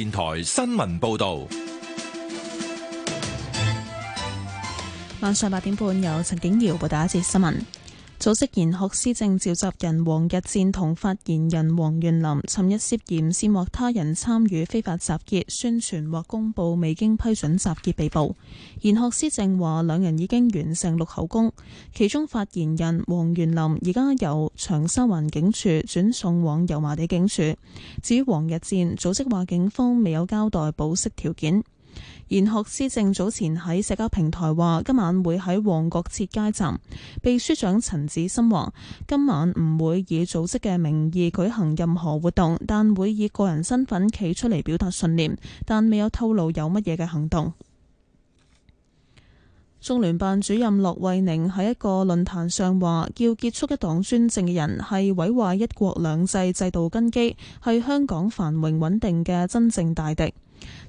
電台新聞報道，晚上八點半由陳景瑤報道一節新聞。組織研學思政召集人黃日戰同發言人黃元林，尋日涉嫌煽惑他人參與非法集結、宣傳或公布未經批准集結被捕。研學思政話，兩人已經完成錄口供，其中發言人黃元林而家由長沙灣警署轉送往油麻地警署。至於黃日戰，組織話警方未有交代保釋條件。研學思政早前喺社交平台話今晚會喺旺角設街站。秘書長陳子森話今晚唔會以組織嘅名義舉行任何活動，但會以個人身份企出嚟表達信念，但未有透露有乜嘢嘅行動。中聯辦主任駱惠寧喺一個論壇上話，要結束一黨專政嘅人係毀壞一國兩制制度根基，係香港繁榮穩定嘅真正大敵。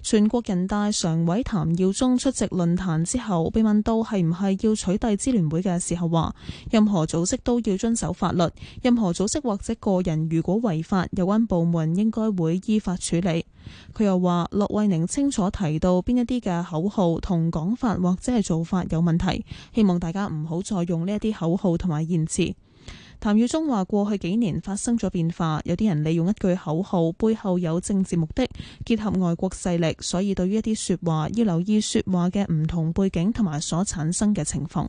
全國人大常委譚耀宗出席論壇之後，被問到係唔係要取締支聯會嘅時候，話任何組織都要遵守法律，任何組織或者個人如果違法，有關部門應該會依法處理。佢又話，駱惠寧清楚提到邊一啲嘅口號同講法或者係做法有問題，希望大家唔好再用呢一啲口號同埋言辭。譚耀宗話：過去幾年發生咗變化，有啲人利用一句口號背後有政治目的，結合外國勢力，所以對於一啲說話要留意說話嘅唔同背景同埋所產生嘅情況。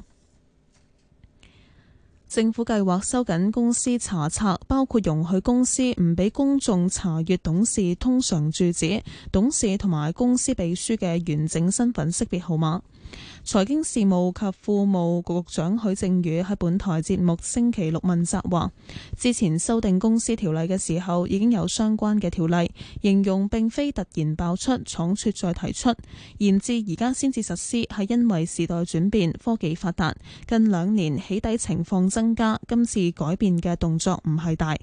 政府計劃收緊公司查冊，包括容許公司唔俾公眾查閱董事通常住址、董事同埋公司秘書嘅完整身份識別號碼。財經事務及庫務局局長許正宇喺本台節目星期六問責話：之前修訂公司條例嘅時候已經有相關嘅條例，形容並非突然爆出，倉促再提出，延至而家先至實施，係因為時代轉變、科技發達，近兩年起底情況增加，今次改變嘅動作唔係大。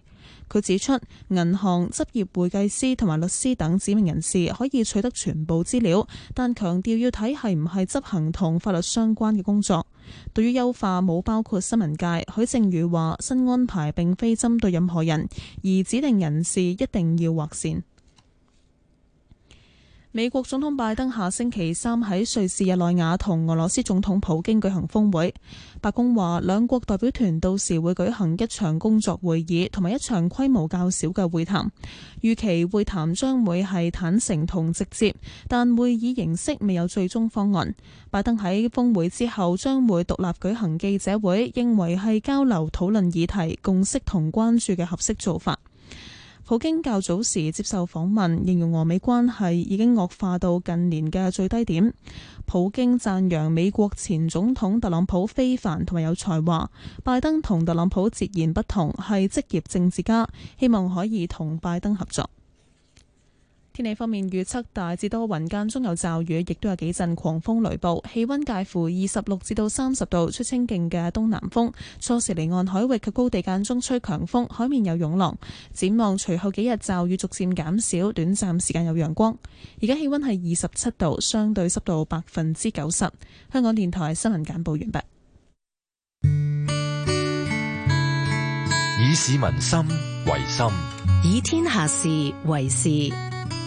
佢指出，銀行、執業會計師同埋律師等指明人士可以取得全部資料，但強調要睇係唔係執行同法律相關嘅工作。對於優化冇包括新聞界，許正宇話：新安排並非針對任何人，而指定人士一定要劃線。美國總統拜登下星期三喺瑞士日內瓦同俄羅斯總統普京舉行峰會。白宮話，兩國代表團到時會舉行一場工作會議同埋一場規模較小嘅會談。預期會談將會係坦誠同直接，但會議形式未有最終方案。拜登喺峰會之後將會獨立舉行記者會，認為係交流、討論議題、共識同關注嘅合適做法。普京較早時接受訪問，形容俄美關係已經惡化到近年嘅最低點。普京讚揚美國前總統特朗普非凡同埋有才華，拜登同特朗普截然不同，係職業政治家，希望可以同拜登合作。天氣方面預測，預測大致多雲間中有驟雨，亦都有幾陣狂風雷暴。氣溫介乎二十六至到三十度，吹清勁嘅東南風。初時離岸海域及高地間中吹強風，海面有湧浪。展望隨後幾日驟雨逐漸減少，短暫時間有陽光。而家氣溫係二十七度，相對濕度百分之九十。香港電台新聞簡報完畢。以市民心為心，以天下事為事。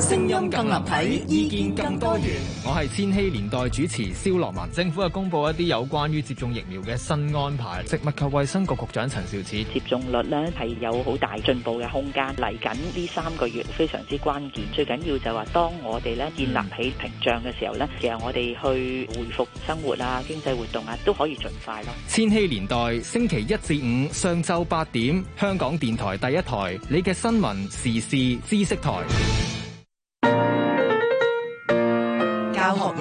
聲音更立體，意見更多元。我係千禧年代主持蕭樂文。政府啊，公布一啲有關於接種疫苗嘅新安排。食物及衛生局局長陳肇始，接種率咧係有好大進步嘅空間。嚟緊呢三個月非常之關鍵，最緊要就係話當我哋咧建立起屏障嘅時候咧，其實我哋去恢復生活啊、經濟活動啊都可以盡快咯。千禧年代星期一至五上晝八點，香港電台第一台，你嘅新聞時事知識台。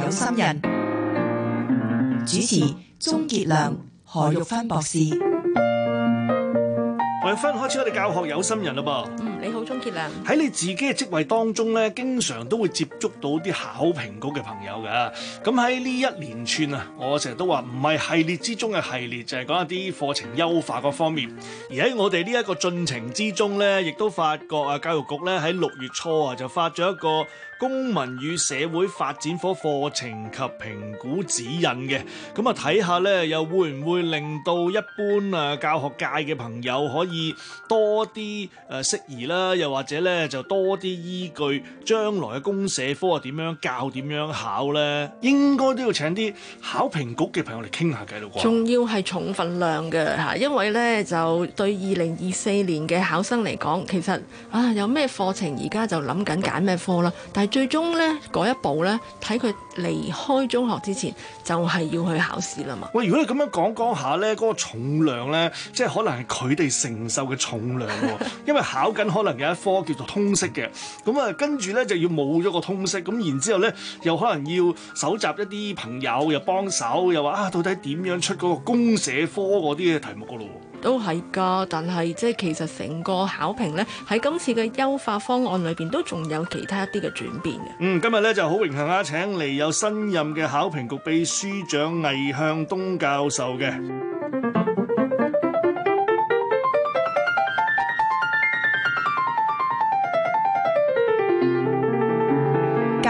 有心人主持鍾杰良、何玉芬博士，何玉芬，開始我哋教學有心人啦噃。嗯你好，鍾杰啊！喺你自己嘅職位當中咧，經常都會接觸到啲考評局嘅朋友嘅。咁喺呢一連串啊，我成日都話唔係系列之中嘅系列，就係講一啲課程優化嗰方面。而喺我哋呢一個進程之中咧，亦都發覺啊，教育局咧喺六月初啊，就發咗一個公民與社會發展科課程及評估指引嘅。咁啊，睇下咧又會唔會令到一般啊教學界嘅朋友可以多啲誒適宜。啦，又或者咧就多啲依據將來嘅公社科啊點樣教，點樣考咧，應該都要請啲考評局嘅朋友嚟傾下偈咯。仲要係重份量嘅嚇，因為咧就對二零二四年嘅考生嚟講，其實啊有咩課程而家就諗緊揀咩科啦。但係最終咧嗰一步咧，睇佢離開中學之前就係要去考試啦嘛。喂，如果你咁樣講講下咧，嗰個重量咧，即係可能係佢哋承受嘅重量喎， 因為考緊。可能有一科叫做通識嘅，咁啊跟住咧就要冇咗個通識，咁然之後咧又可能要搜集一啲朋友又幫手，又話啊到底點樣出嗰個公社科嗰啲嘅題目噶咯？都係噶，但係即係其實成個考評咧喺今次嘅優化方案裏邊都仲有其他一啲嘅轉變嘅。嗯，今日咧就好榮幸啊，請嚟有新任嘅考評局秘書長魏向東教授嘅。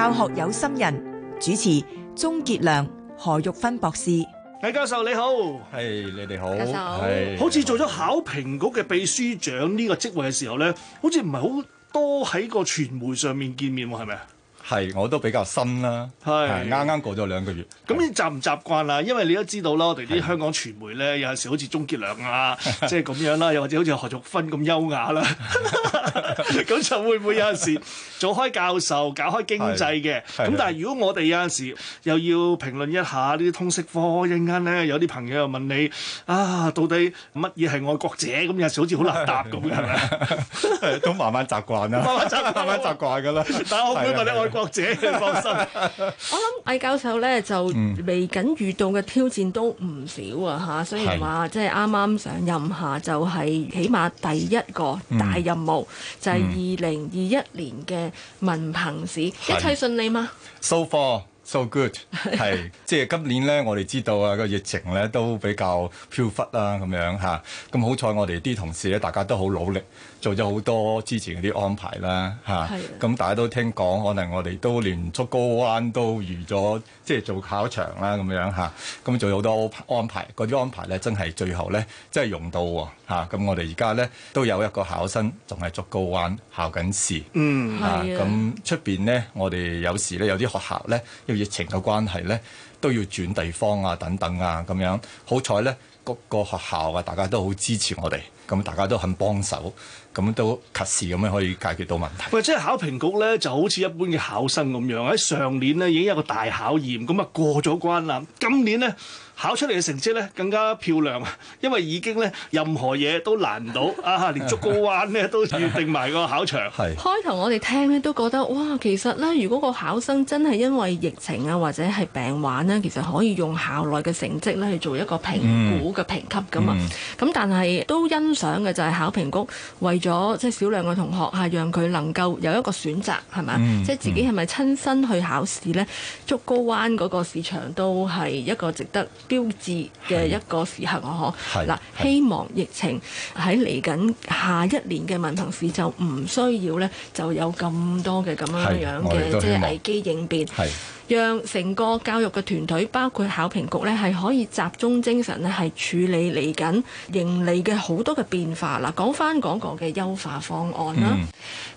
教學有心人主持鍾傑良、何玉芬博士，魏教授你好，係你哋好，教授好，哎、好似做咗考評局嘅秘書長呢個職位嘅時候咧，好似唔係好多喺個傳媒上面見面喎，係咪啊？係，我都比較新啦，係啱啱過咗兩個月。咁你習唔習慣啦？因為你都知道啦，我哋啲香港傳媒咧，有陣時好似鐘傑良啊，即係咁樣啦，又或者好似何淑芬咁優雅啦、啊，咁 就會唔會有陣時做開教授、搞開經濟嘅？咁但係如果我哋有陣時又要評論一下呢啲通識科，一陣間咧有啲朋友又問你啊，到底乜嘢係愛國者？咁有時好似好難答咁。係咪？ 都慢慢習慣啦，慢慢習慣， 慢慢習慣㗎啦。 但係我唔會問你外。作者，放心。 我諗魏教授呢，就未緊遇到嘅挑戰都唔少啊！吓、嗯，雖然話即係啱啱上任下就係、是、起碼第一個大任務、嗯、就係二零二一年嘅文憑試，嗯、一切順利嗎？So far. So good， 係即係今年咧，我哋知道啊個疫情咧都比較飄忽啦，咁樣咁、啊、好彩我哋啲同事咧大家都好努力，做咗好多之前嗰啲安排啦咁、啊的啊、大家都聽講，可能我哋都連竹篙灣都預咗，即係做考場啦，咁樣咁、啊、做咗好多安排，嗰啲安排咧真係最後咧真係用到、啊咁、啊、我哋而家咧都有一個考生仲係捉高灣考緊試。嗯，咁出、啊、邊呢，我哋有時咧有啲學校咧，因為疫情嘅關係咧，都要轉地方啊等等啊咁樣。好彩咧，個、嗰個學校啊，大家都好支持我哋，咁大家都肯幫手，咁都及時咁樣可以解決到問題。喂，即係考評局咧，就好似一般嘅考生咁樣，喺上年呢已經有一個大考驗，咁啊過咗關啦。今年呢。考出嚟嘅成績呢更加漂亮，因為已經呢任何嘢都難唔到 啊！連竹篙灣呢都要定埋個考場。係 是開頭我哋聽呢都覺得哇，其實呢如果個考生真係因為疫情啊或者係病患呢，其實可以用校內嘅成績呢去做一個評估嘅評級㗎嘛。咁、嗯嗯、但係都欣賞嘅就係考評局為咗即係少量嘅同學係讓佢能夠有一個選擇係咪？即係、嗯嗯、自己係咪親身去考試呢？竹篙灣嗰個市場都係一個值得標誌嘅一個時刻我嗬！嗱，希望疫情喺嚟緊下一年嘅文憑試就唔需要咧，就有咁多嘅咁樣樣嘅即係危機應變。讓成個教育嘅團隊，包括考評局呢係可以集中精神呢係處理嚟緊迎嚟嘅好多嘅變化嗱，講翻嗰個嘅優化方案啦，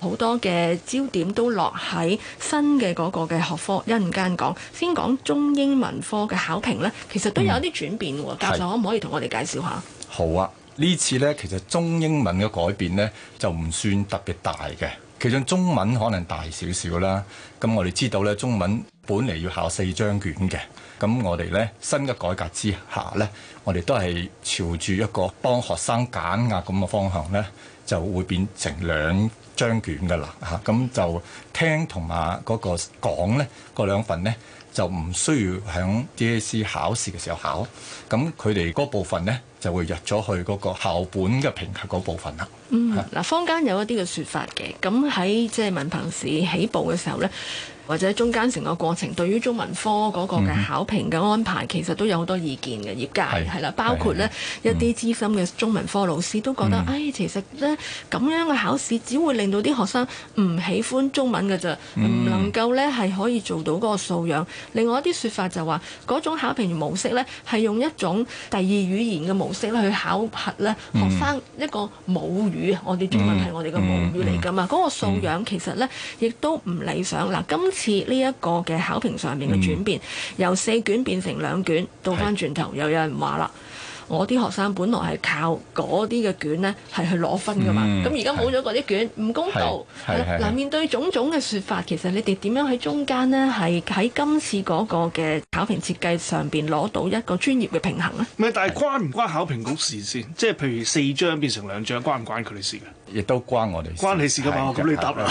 好、嗯、多嘅焦點都落喺新嘅嗰個嘅學科。一陣間講，先講中英文科嘅考評呢，其實都有一啲轉變喎。嗯、教授是可唔可以同我哋介紹下？好啊，呢次呢，其實中英文嘅改變呢，就唔算特別大嘅。其中中文可能大少少啦，咁我哋知道咧，中文本嚟要考四張卷嘅，咁我哋咧新嘅改革之下咧，我哋都係朝住一個幫學生減壓咁嘅方向咧，就會變成兩張卷噶啦，吓，咁就聽同埋嗰個講咧嗰兩份咧。就唔需要喺 DSE 考試嘅時候考，咁佢哋嗰部分呢就會入咗去嗰個校本嘅評核嗰部分啦。嗯，嗱，坊間有一啲嘅説法嘅，咁喺即係文憑試起步嘅時候咧，或者中間成個過程，對於中文科嗰個嘅考評嘅安排，嗯、其實都有好多意見嘅業界係啦是，包括咧、嗯、一啲資深嘅中文科老師都覺得，嗯、哎其實咧咁樣嘅考試只會令到啲學生唔喜歡中文嘅啫，唔、嗯、能夠咧係可以做到嗰個素養。另外一啲說法就話嗰種考評模式咧係用一種第二語言嘅模式咧去考核咧、嗯、學生一個母語，我哋中文係我哋嘅母語嚟噶嘛，嗯嗯嗯、嗰個素養其實咧亦都唔理想嗱。今次次呢一個嘅考評上面嘅轉變，嗯、由四卷變成兩卷，倒翻轉頭，是又有人話啦，我啲學生本來係靠嗰啲嘅卷呢，係去攞分噶嘛，咁而家冇咗嗰啲卷，唔是公道。嗱，面對種種嘅説法，其實你哋點樣喺中間呢，係喺今次嗰個嘅考評設計上邊攞到一個專業嘅平衡咧？唔係，但係關唔關考評局事先？ 即係譬如四張變成兩張，關唔關佢哋事嘅？亦都關我哋關你事㗎嘛？咁你答啦，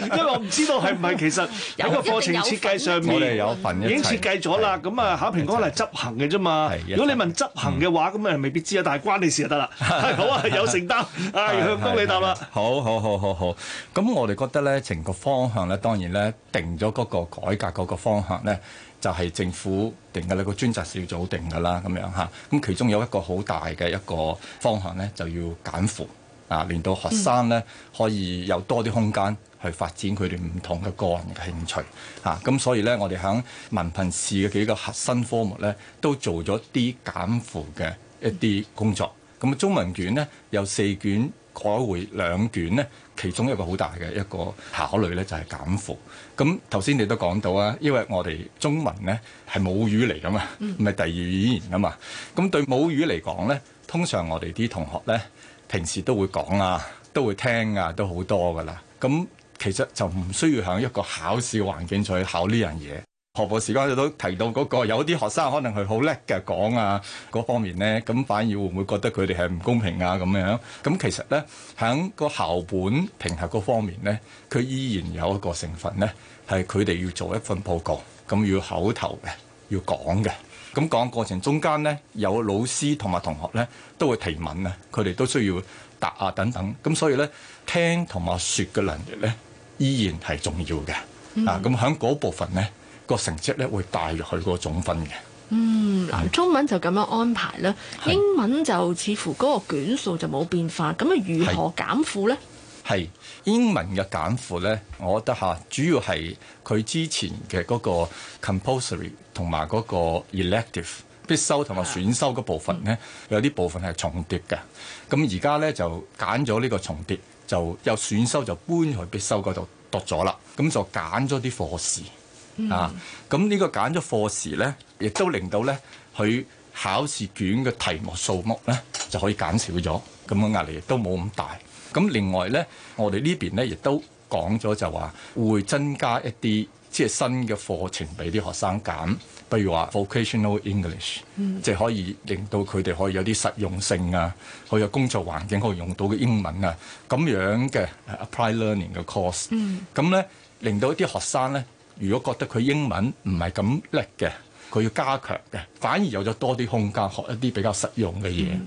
因為我唔知道係唔係其實有個課程設計上面，我哋有份已經設計咗啦。咁啊，考評局嚟執行嘅啫嘛。如果你問執行嘅話，咁啊未必知啊。但係關你事就得啦。好啊，有承擔，魏向東你答啦。好好好好好。咁我哋覺得咧，成個方向咧，當然咧，定咗嗰個改革嗰個方向咧，就係政府定嘅，你個專責小組定㗎啦。咁樣吓，咁其中有一個好大嘅一個方向咧，就要減負。啊，令到學生咧可以有多啲空間去發展佢哋唔同嘅個人嘅興趣，咁、啊、所以咧，我哋喺文憑試嘅幾個核心科目咧，都做咗啲減負嘅一啲工作。咁中文卷呢，有四卷改回兩卷呢，其中一個好大嘅一個考慮咧就係、是、減負。咁頭先你都講到啊，因為我哋中文咧係母語嚟㗎嘛，唔係第二語言㗎嘛。咁對母語嚟講咧，通常我哋啲同學咧。平時都會講啊，都會聽啊，都好多噶啦。咁其實就唔需要喺一個考試環境再去考呢樣嘢。學報時間都提到嗰、那個，有啲學生可能係好叻嘅講啊嗰方面咧，咁反而會唔會覺得佢哋係唔公平啊咁樣？咁其實咧，喺個校本評核嗰方面咧，佢依然有一個成分咧，係佢哋要做一份報告，咁要口頭嘅。要講嘅，咁講過程中間呢，有老師同埋同學呢都會提問咧，佢哋都需要答啊等等，咁所以呢，聽同埋説嘅能力呢依然係重要嘅、嗯、啊！咁喺嗰部分呢，個成績呢會帶入去個總分嘅。嗯，中文就咁樣安排啦，是英文就似乎嗰個卷數就冇變化，咁啊是如何減負呢？係英文嘅減負咧，我覺得嚇主要係佢之前嘅嗰個 compulsory 同埋嗰個 elective 必修同埋選修嗰部分咧，Yeah. 有啲部分係重疊嘅。咁而家咧就揀咗呢個重疊，就有選修就搬去必修嗰度讀咗啦。咁就揀咗啲課時 Yeah. 啊。咁呢個揀咗課時咧，亦都令到咧佢考試卷嘅題目數目咧就可以減少咗，咁嘅壓力亦都冇咁大。咁另外咧，我哋呢邊咧亦都講咗就話，會增加一啲即係新嘅課程俾啲學生揀，譬如話 vocational English，即係、嗯、可以令到佢哋可以有啲實用性啊，可以有工作環境可以用到嘅英文啊，咁樣嘅 applied learning 嘅 course、嗯。咁咧令到啲學生咧，如果覺得佢英文唔係咁叻嘅，佢要加強嘅，反而有咗多啲空間學一啲比較實用嘅嘢。嗯。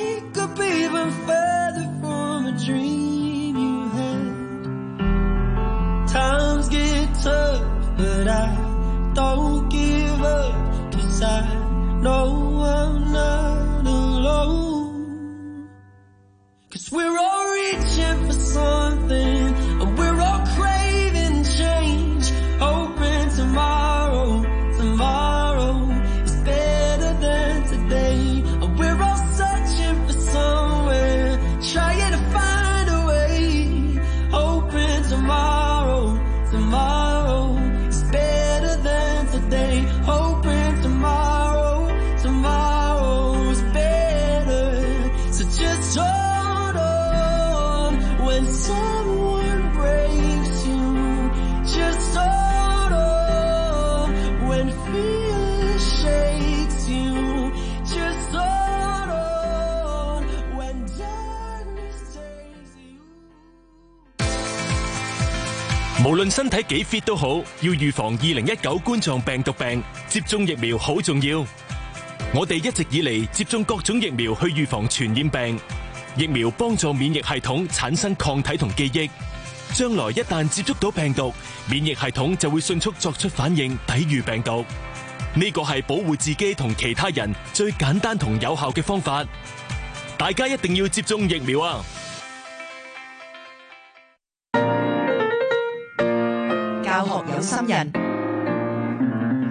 無論身體幾 fit 都好，要預防二零一九冠狀病毒病，接種疫苗好重要。我哋一直以嚟接種各種疫苗去預防傳染病，疫苗幫助免疫系統產生抗體同記憶，將來一旦接觸到病毒，免疫系統就會迅速作出反應，抵禦病毒。呢個係保護自己同其他人最簡單同有效嘅方法，大家一定要接種疫苗啊！有學有心人，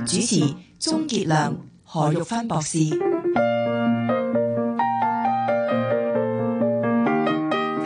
主持：鍾傑良、何玉芬博士。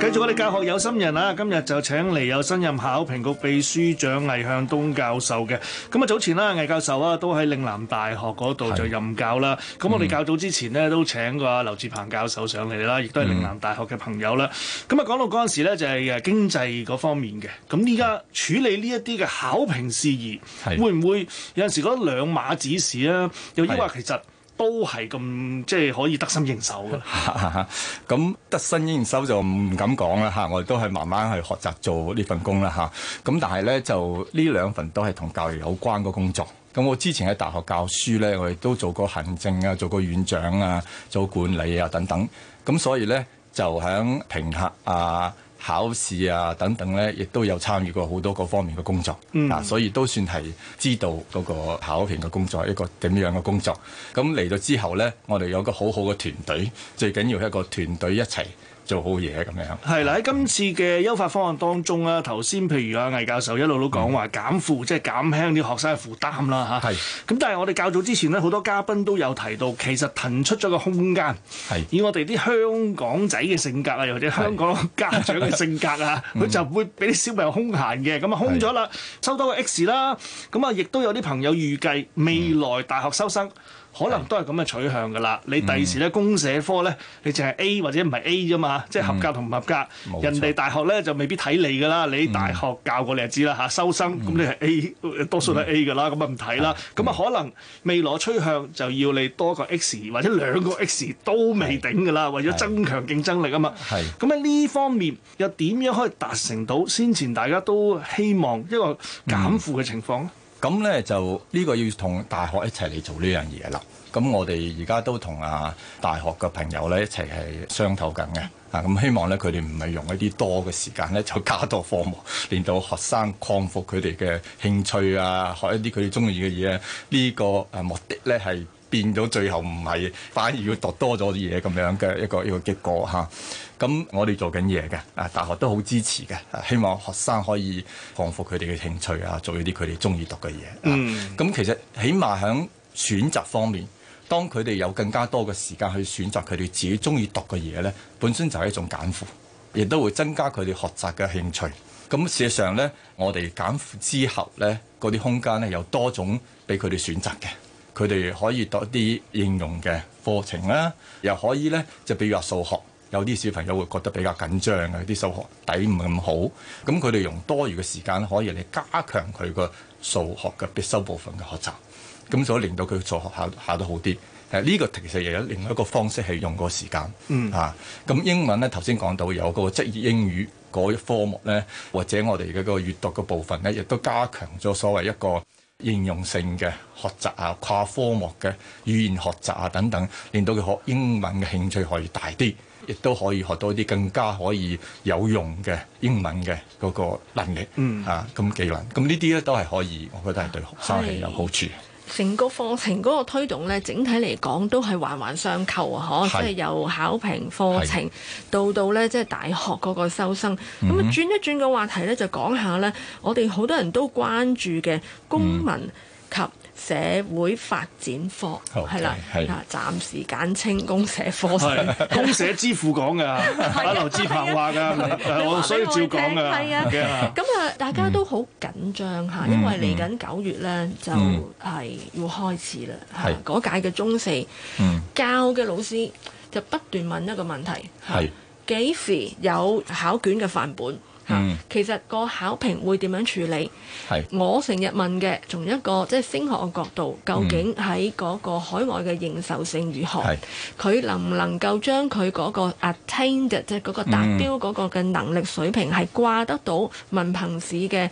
繼續我哋教學有心人啊，今日就請嚟有新任考評局秘書長魏向東教授嘅。咁啊早前啦，魏教授啊都喺嶺南大學嗰度就任教啦。咁、嗯、我哋較早之前呢，都請過劉志鵬教授上嚟啦，亦都係嶺南大學嘅朋友啦。咁啊講到嗰陣時呢就係、是、誒經濟嗰方面嘅。咁依家處理呢一啲嘅考評事宜，是會唔會有陣時覺得兩碼子事啦？又抑或其實？都係咁，即係可以得心應手嘅啦。咁 得心應手就唔敢講啦嚇，我哋都係慢慢去學習做呢份工啦嚇，咁但係咧就呢兩份都係同教育有關嘅工作。咁我之前喺大學教書咧，我哋都做過行政啊，做過院長啊，做管理啊等等。咁所以咧就喺評核啊。考試啊等等呢，亦都有參與過好多個方面嘅工作，mm. 啊，所以都算係知道嗰個考評嘅工作一個點樣嘅工作。咁嚟到之後呢，我哋有一個好好嘅團隊，最緊要一個團隊一齊。做好嘢咁樣。係啦，喺今次嘅優化方案當中啦，頭先譬如啊魏教授一路都講話減負，即係減輕啲學生嘅負擔啦吓，咁是但係我哋較早之前咧，好多嘉賓都有提到，其實騰出咗個空間。是以我哋啲香港仔嘅性格啊，或者香港是家長嘅性格啊，佢就會俾啲小朋友空閒嘅，咁啊、 嗯、空咗啦，是收多個 X 啦。咁啊，亦都有啲朋友預計未來大學收生。嗯可能都係咁嘅取向噶啦，你第時咧公社科咧，你淨係 A 或者唔係 A 啫嘛，嗯、即係合格同唔合格。沒錯 人哋大學咧就未必睇你噶啦，你大學教過你就知啦嚇，收生咁、嗯、你係 A，多數都係 A 噶啦，咁啊唔睇啦。咁啊、嗯、可能未來取向就要你多個 X 或者兩個 X 都未頂噶啦，嗯、為咗增強競爭力啊嘛。咁喺呢方面又點樣可以達成到先前大家都希望一個減負嘅情況咧？嗯咁咧就呢個要同大學一齊嚟做呢樣嘢啦。咁我哋而家都同啊大學嘅朋友咧一齊係商討緊嘅。啊，咁希望咧佢哋唔係用一啲多嘅時間咧就加多科目，令到學生擴闊佢哋嘅興趣啊，學一啲佢哋中意嘅嘢。呢個誒目的咧係。變到最後唔係，反而要讀多咗啲嘢咁樣嘅一個一個結果嚇。咁我哋做緊嘢嘅，啊，的啊大學都好支持嘅，啊，希望學生可以擴闊佢哋嘅興趣啊，做一啲佢哋中意讀嘅嘢。咁、啊、其實起碼喺選擇方面，當佢哋有更加多嘅時間去選擇佢哋自己中意讀嘅嘢呢，本身就係一種減負，亦都會增加佢哋學習嘅興趣。咁事實上呢，我哋減負之後呢，嗰啲空間呢，有多種俾佢哋選擇嘅。佢哋可以讀一啲應用嘅課程啦，又可以咧就比如話數學，有啲小朋友會覺得比較緊張嘅，啲數學底唔咁好，咁佢哋用多餘嘅時間可以嚟加強佢個數學嘅必修部分嘅學習，咁就可以令到佢數學考考得好啲。呢、這個其實又有另一個方式係用個時間咁、嗯啊、英文咧頭先講到有個職業英語嗰科目咧，或者我哋嘅個閱讀嘅部分咧，亦都加強咗所謂一個。應用性嘅學習啊，跨科目嘅語言學習啊等等，令到佢學英文嘅興趣可以大啲，亦都可以學到一啲更加可以有用嘅英文嘅嗰個能力、嗯、啊，咁技能，咁呢啲咧都係可以，我覺得係對學生係有好處。嗯嗯成個課程嗰個推動咧，整體嚟講都係環環相扣啊！嗬是，即係由考評課程是到到咧，即係大學嗰個收生。咁啊、mm，hmm. 轉一轉個話題咧，就講下咧，我哋好多人都關注嘅公民及社會發展科係啦，暫時簡稱公社科先。公社之父講嘅，阿劉志鵬話我所以照講嘅。係啊，咁啊，大家都好緊張嚇，因為嚟緊九月咧就係要開始啦。係嗰屆嘅中四教嘅老師就不斷問一個問題：幾時有考卷嘅範本？嗯，其實個考評會點樣處理？係是我成日問嘅，從一個即係、就是、升學嘅角度，究竟喺 𠮶 個海外嘅認受性如何？係佢是能唔能夠將佢 𠮶 個 attained，即係 𠮶 個達標 𠮶 個嘅能力水平，係掛、嗯、得到文憑試嘅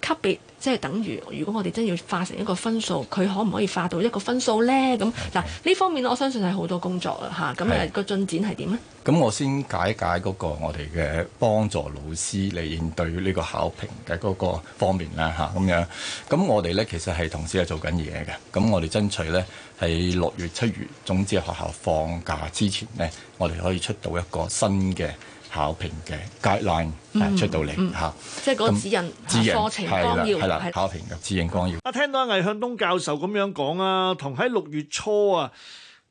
級別？即係等於，如果我哋真要要化成一個分數，佢可唔可以化到一個分數呢？咁嗱，呢的方面我相信係好多工作啦，嚇，咁誒個進展係點呢？咁我先解解嗰個我哋嘅幫助老師嚟應對呢個考評嘅嗰個方面啦，嚇咁樣。咁我哋呢，其實係同時係做緊嘢嘅。咁我哋爭取呢，喺六月、七月，總之係學校放假之前呢，我哋可以出到一個新嘅。考評嘅 guideline 出到嚟，嚇，即係嗰指引課程綱要，係啦，係考評嘅指引綱要。啊，聽到魏向東教授咁樣講啊，同喺六月初啊，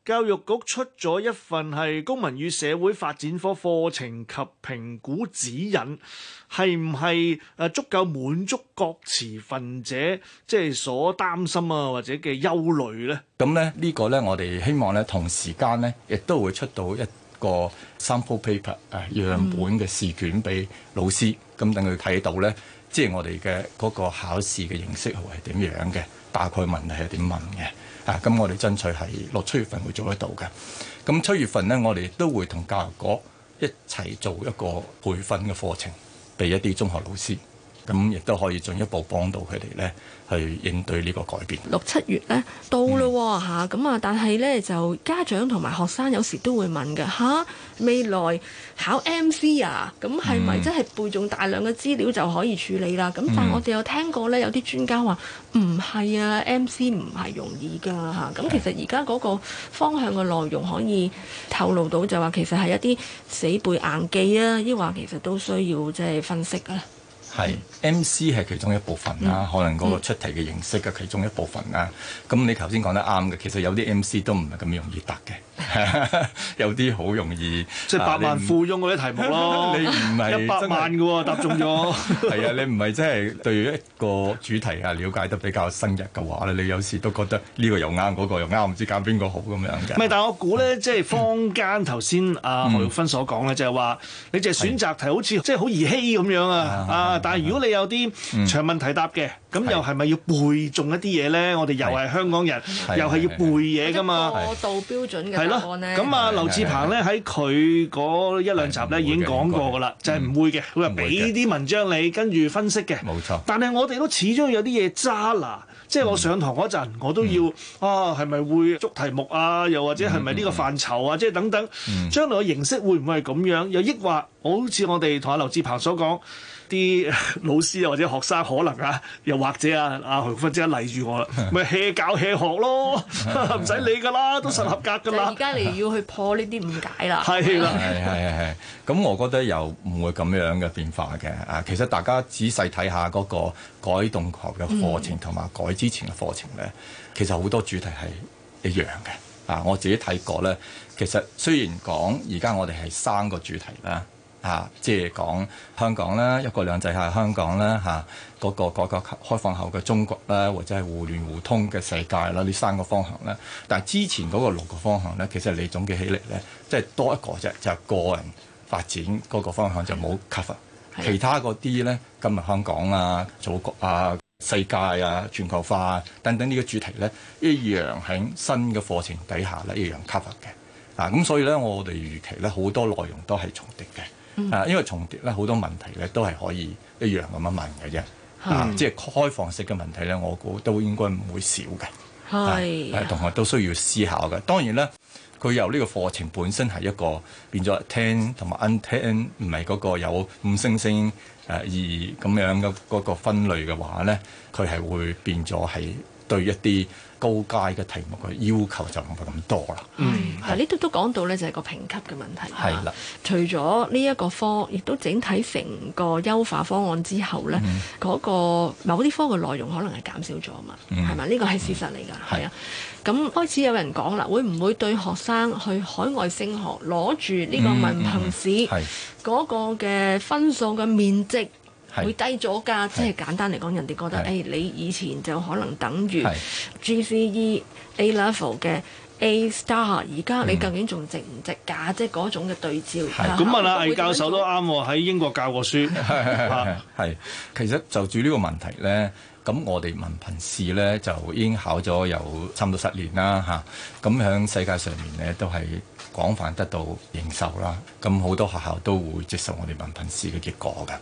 教育局出咗一份係公民與社會發展科課程及評估指引，係唔係誒足夠滿足各持份者即係所擔心啊或者嘅憂慮咧？咁咧呢個咧，我哋希望咧同時間咧亦都會出到一。個 sample paper 誒樣本嘅試卷俾老師，咁等佢睇到咧，即係我哋嘅嗰個考試嘅形式係點樣嘅，大概問題係點問嘅，嚇咁我哋爭取係六七月份會做得到嘅。咁七月份呢，我哋都會同教育局一齊做一個培訓嘅課程，俾一啲中學老師。咁亦都可以進一步幫到佢哋呢，去應對呢個改變。六七月呢，到咯喎。咁啊，嗯、但係呢，就家長同埋學生有時都會問嘅吓、啊、未來考 M C 啊，咁係咪真係背誦大量嘅資料就可以處理啦？咁、嗯、但我哋有聽過呢，有啲專家話唔係啊，M C 唔係容易㗎嚇。咁、啊、其實而家嗰個方向嘅內容可以透露到，就話其實係一啲死背硬記啊，抑或其實都需要即係、就是、分析啊。係，MC 係其中一部分啦，可能嗰個出題嘅形式嘅其中一部分啦。咁你頭先講得啱嘅，其實有啲 MC 都唔係咁容易答嘅，有啲好容易。即係百萬富翁嗰啲題目咯，你唔係一百萬嘅喎，答中咗。係啊，你唔係真係對於一個主題啊瞭解得比較深入嘅話，你有時都覺得呢個又啱，嗰個又啱，唔知揀邊個好咁樣嘅。唔係，但係我估咧，即係坊間頭先阿何玉芬所講咧，就係話你淨係選擇題，好似即係好兒戲咁樣啊啊！但如果你有啲長問題答嘅，咁又係咪要背中一啲嘢咧？我哋又係香港人，又係要背嘢噶嘛？過度標準嘅。係咯，咁啊，劉志鵬咧喺佢嗰一兩集咧已經講過噶啦，就係唔會嘅。佢話俾啲文章你，跟住分析嘅。冇錯。但係我哋都始終有啲嘢揸啦，即係我上堂嗰陣，我都要啊，係咪會捉題目啊？又或者係咪呢個範疇啊？即係等等，將來嘅形式會唔會係咁樣？又抑或好似我哋同阿劉志鵬所講？啲老師啊，或者學生可能啊，又或者啊，阿馮生嚟住我啦，咪 hea 教 hea 學咯，唔使理噶啦，都實合格噶啦。而家你要去破呢啲誤解啦，係啦 的，係係係。咁 我覺得又唔會咁樣嘅變化嘅啊。其實大家仔細睇下嗰個改動後嘅課程同埋改之前嘅課程咧，嗯、其實好多主題係一樣嘅啊。我自己睇過咧，其實雖然講而家我哋係三個主題啦。啊，即係講香港啦，一國兩制下香港啦，嚇嗰個改革開放後嘅中國啦，或者係互聯互通嘅世界啦，呢三個方向啦。但係之前嗰個六個方向咧，其實你總結起嚟咧，即係多一個啫，就係、個人發展嗰個方向就冇 cover 的。其他嗰啲咧，今日香港啊、祖國啊、世界啊、全球化、啊、等等呢個主題咧，一樣喺新嘅課程底下咧一樣 cover 嘅。啊，咁所以咧，我哋預期咧好多內容都係重疊嘅。啊，嗯、因為重疊咧好多問題咧都係可以一樣咁樣問嘅啫，是啊，即、就、係、是、開放式嘅問題咧，我估都應該唔會少嘅。係是、啊，同學都需要思考嘅。當然啦，佢由呢個課程本身係一個變咗 attained 同埋 unattained，唔係嗰個有五星星誒意義咁樣嘅嗰個分類嘅話咧，佢係會變咗係對一啲。高階嘅題目嘅要求就唔係咁多啦、嗯。係是，係呢度都講到咧，就係個評級嘅問題。係啦的，除咗呢一個科，亦都整體成個優化方案之後咧，嗰、嗯、個某啲科嘅內容可能係減少咗嘛，係咪、嗯？呢、這個係事實嚟㗎。係啊，咁開始有人講啦，會唔會對學生去海外升學攞住呢個文憑試嗰個嘅分數嘅面積？嗯嗯是會低咗㗎，即、就、係、是、簡單嚟講，是人哋覺得誒是、哎，你以前就可能等於 GCE A Level 嘅 A star，而家你究竟仲值唔值價，即嗰是種嘅對照。咁問下魏教授都啱喎，喺英國教過書， 其實就住呢個問題咧，咁我哋文憑試咧就已經考咗有差唔多十年啦，咁喺世界上面咧都係，廣泛得到認受啦，咁好多學校都會接受我哋文憑試嘅結果嘅，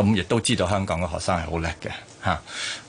咁亦都知道香港嘅學生係好叻嘅吓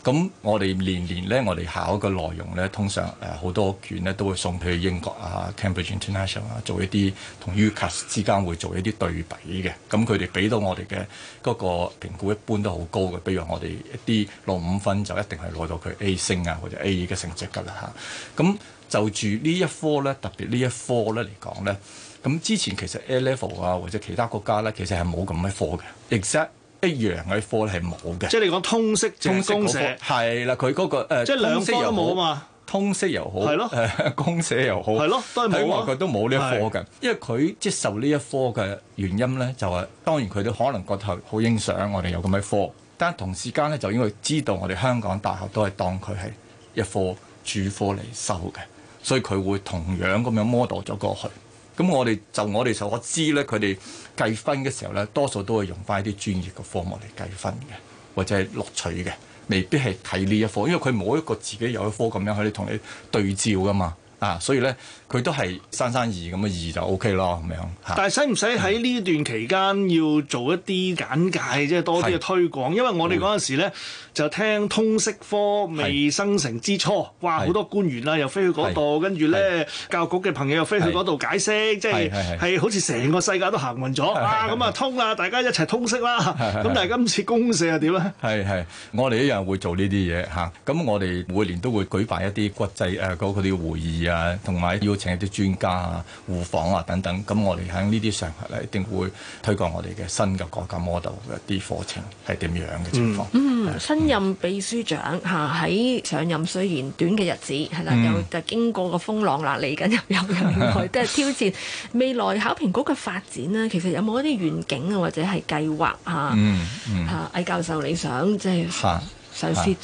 咁我哋年年咧，我哋考嘅內容咧，通常誒好多卷咧都會送佢去英國啊 Cambridge International 啊，做一啲同 UCAS 之間會做一啲對比嘅，咁佢哋俾到我哋嘅嗰個評估，一般都好高嘅，比如我哋一啲攞五分就一定係攞到佢 A 星啊或者 A 嘅成績㗎啦咁。啊就住呢一科咧，特別呢一科咧嚟講咧，咁之前其實 A level 啊或者其他國家咧，其實係冇咁嘅科嘅，except 一樣嘅科係冇嘅。即係你講通識就，通識、嗰個呃、就公社係啦，佢嗰個即係兩科都冇啊嘛。通識又好，係咯的，公社又好，係咯的， 都冇都冇呢一科嘅，的因為佢接受呢一科嘅原因咧、就係，就係當然佢都可能覺得好欣賞我哋有咁嘅科，但同時間咧就應該知道我哋香港大學都係當佢係一科主科嚟收嘅。所以佢會同樣咁樣 model 咗過去。咁我哋就我哋所知咧，佢哋計分嘅時候咧，多數都係用翻一啲專業嘅科目嚟計分嘅，或者係錄取嘅，未必係睇呢一科，因為佢冇一個自己有一科咁樣可以同你對照噶嘛。啊，所以咧佢都係三三二咁嘅意就 O K 咯，咁但係使唔使喺呢段期間要做一啲簡介，即係多啲嘅推廣？因為我哋嗰陣時咧就聽通識科未生成之初，哇！好多官員啦，又飛去嗰度，跟住咧教育局嘅朋友又飛去嗰度解釋，即係好似成個世界都行運咗啊！咁啊通啦，大家一齊通識啦。咁但係今次公社係點咧？係係，我哋一樣會做呢啲嘢嚇。咁我哋每年都會舉辦一啲國際誒嗰啲會議啊。啊，同埋邀請啲專家啊、互訪啊等等，咁我哋喺呢啲上頭咧一定會推廣我哋嘅新嘅國家 model，一啲課程係點樣嘅情況嗯。嗯，新任秘書長嚇喺、啊、上任雖然短嘅日子係啦，嗯、又就經過個風浪啦，嚟緊又有人去即係、啊嗯、挑戰。未來考評局嘅發展咧，其實有冇一啲願景啊，或者係計劃嚇嚇、啊嗯嗯啊？魏教授你想即係首先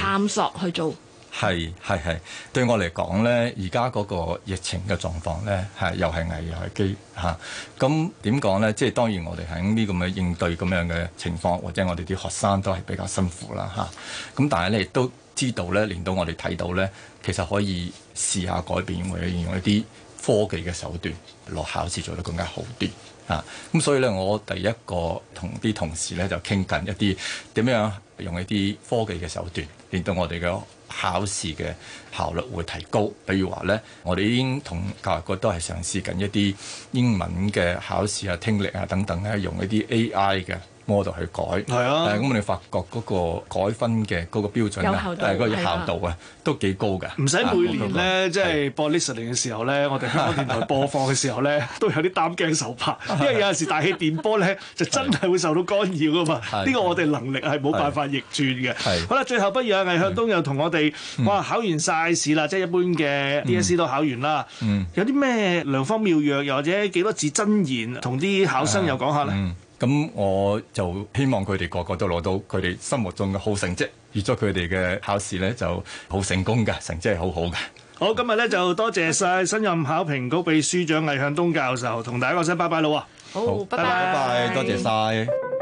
探索去做？係係係，對我嚟講咧，而家嗰個疫情嘅狀況咧，又係危又係機吓。咁點講咧？即係當然，我哋喺呢咁嘅應對咁樣嘅情況，或者我哋啲學生都係比較辛苦啦吓。咁但係你都知道咧，令到我哋睇到咧，其實可以試下改變，或者應用一啲科技嘅手段，落考試做得更加好啲吓。咁所以咧，我第一個同啲同事咧就傾緊一啲點樣用一啲科技嘅手段，令到我哋嘅，考試嘅效率會提高，比如話咧，我哋已經同教育局都係嘗試緊一啲英文嘅考試啊、聽力啊等等咧，用一啲 AI 嘅。我度去改，係啊，咁我哋發覺嗰個改分嘅嗰個標準但係嗰個效度啊，都幾高㗎。唔使每年咧，即係播 listening 嘅時候咧，我哋香港電台播放嘅時候咧，都有啲擔驚受怕，因為有陣時大氣電波咧，就真係會受到干擾㗎嘛。呢個我哋能力係冇辦法逆轉嘅。好啦，最後不如阿魏向東又同我哋，哇，考完晒試啦，即係一般嘅 DSE 都考完啦。嗯，有啲咩良方妙藥，又或者幾多字真言，同啲考生又講下咧。咁我就希望佢哋個個都攞到佢哋心目中嘅好成績，預祝佢哋嘅考試呢就好成功嘅，成績係好好嘅。好，今日呢就多謝晒新任考評局秘書長魏向東教授，同大家講聲拜拜咯！好，拜拜好，多謝晒！